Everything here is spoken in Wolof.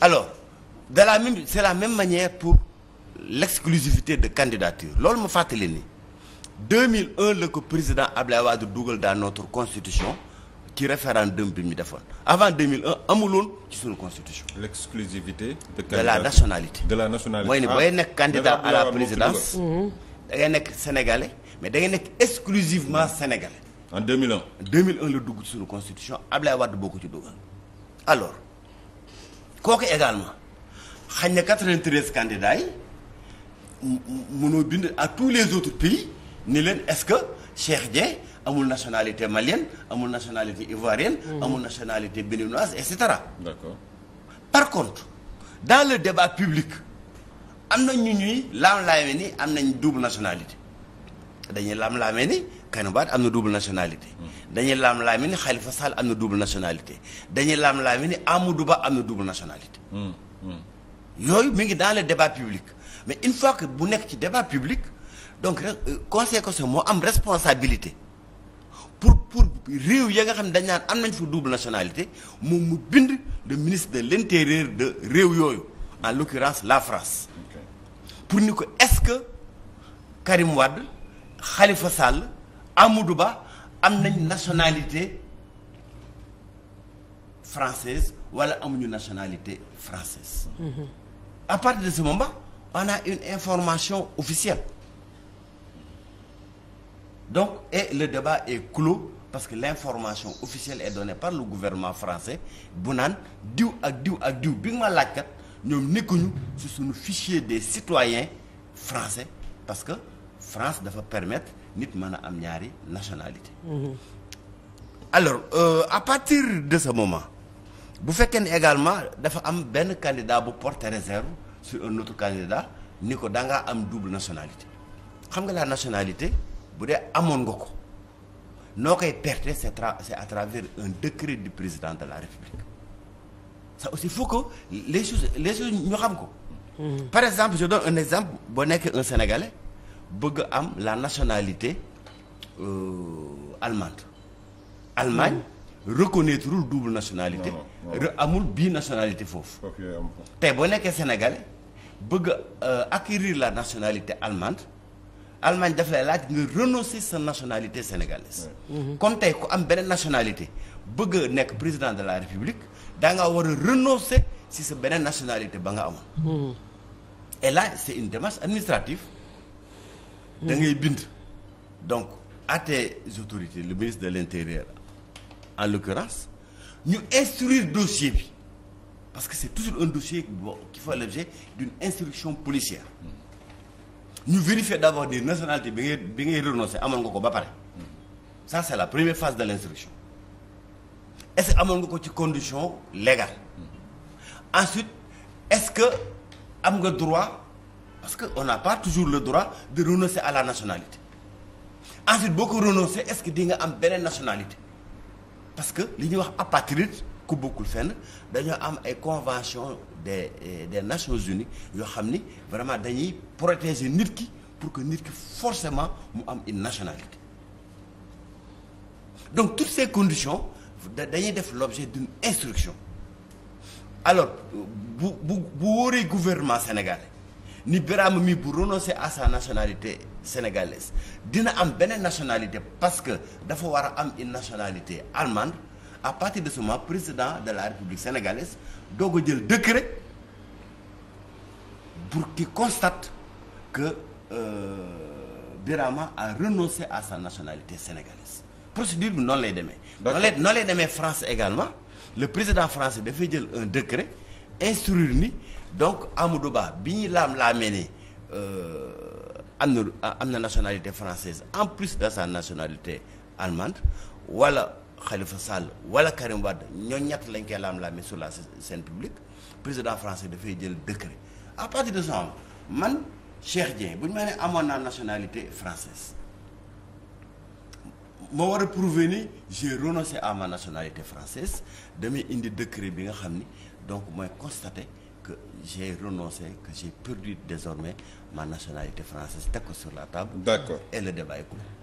alors de la même c'est la même manière pour l'exclusivité de candidature loolu ma fàttali ni 2001 la ko président ab Ablaye Wade dugal daan notre constitution ci référendum bi mu defoon avant 2001 amuloon ci suñu constitution. l'exclusivité de candidature de la nationalité. de la nationalité mooy ni ah. booy nekk candidat à la présidence. Mhm. da nekk sénégalais mais da ngay nekk exclusivement sénégalais. en 2001. mille la dugg ci suñu constitution Ablaye Wade boo ko ci dugal alors. kooku également xañ na 93 candidats yi mënoo bind à tous les autres pays ni leen est-ce que Cheikh Dieng amul nationalité malienne amul nationalité ivoirienne. Hmm. amul nationalité béninoise et cetera. d'accord par contre dans le débat public am na ñu ñuy laam-laamee ni am nañ double nationalité dañuy laam-laamee ni. Kanibaat am na double nationalité. Mm-hmm. dañuy laam laami ni Khalifa Sall am na double nationalité dañuy laam laami ni Amadou Ba am na double nationalité. Mm-hmm. yooyu mu ngi dans le débat public mais une fois que bu nekk ci débat public donc rek euh, conseil moo am responsabilité pour pour réew ya nga xam ne dañ naan am nañ fa double nationalité moom mu bind de ministre de l'intérieur de réew yooyu en l'occurrence la France pour ni ko est-ce que Karim Wade Khalifa Amadou Ba am nañ nationalité française wala amuñu nationalité française mmh. à partir de ce moment on a une information officielle donc et le débat est clos parce que l'information officielle est donnée par le gouvernement français bu naan diw ak diw ak diw bi nga ma laajkat ñoom nekkuñu ci suñu fichier des citoyens français parce que France dafa permettre nit mën a am ñaari nationalité mhm. alors euh, à partir de ce moment bu fekkee ne également dafa am benn candida bu porte réserve sur un autre candidat ni ko da am double nationalité xam nga la nationalité bu dee amoon nga ko noo koy perte c'est c'est à travers un décret du président de la république ça aussi faut que les choses les choses ñu xam ko mhm. par exemple je donne un exemple boo nekkee un sénégalais bëgg am la nationalité euh, allemande Allemagne hmm. reconnaîtrewul double nationalité amul bii nationalité foofu tey boo nekkee sénégalais bëgg euh, acquérir la nationalité allemande Allemagne daf lay laaj nga renoncer sa nationalité sénégalaise comme tey ku am beneen nationalité bëgg nekk président de la république daa nga war a renoncer si sa beneen nationalité ba nga amoon mhm. et là c'est une démarche administrative da ngay bind donc à tes autorités le ministre de l'intérieur en l'occurrence ñu instruire dossier bi parce que c'est toujours un dossier bon qui fait l'objet d'une instruction policière ñu vérifier d'abord des nationalités bi ngay bi ngay renoncer amoon nga ko ba pare ça c'est la première phase de l'instruction est-ce que amoon nga ko ci condition légale ensuite est-ce que am nga droit parce que on n'a pas toujours le droit de renoncer à la nationalité ensuite boo ko renoncer est-ce que di am beneen nationalité parce que li ñuy wax apatride ku bokkul fenn dañoo am ay convention des eh, des Nations Unies yoo xam ni vraiment dañuy protéger nit ki pour que nit ki forcément mu am une nationalité donc toutes ces conditions dañuy def l'objet d'une instruction alors bu bu bu wóoree gouvernement sénégalais ni Birame mi bu renoncer à sa nationalité sénégalaise dina am beneen nationalité parce que dafa war a am une nationalité allemande à partir de ce moment président de la République sénégalaise doo ko jël décret pour qui constate que euh, Birama a renoncé à sa nationalité sénégalaise procédure bi noon lay demee noonu lay demee France également le président français dafay jël un décret instruire ni donc Amadou Ba bi ñuy laam-laamee ne euh, am na am na nationalité française en plus de sa nationalité allemande wala Khalifa Sall wala Karim Wade ñoo ñett lañ koy laam-laamee sur la scène publique président français dafay jël décret à parti de ce man Cheikh Dieng bu ñu ma ne amoon naa nationalité française ma war a prouver ni j'ai renoncé à ma nationalité française damay indi décret bi nga xam ni donc mooy constater que j'ai renoncé que j'ai perdu désormais ma nationalité française teg ko sur la table. d'accord et le débat est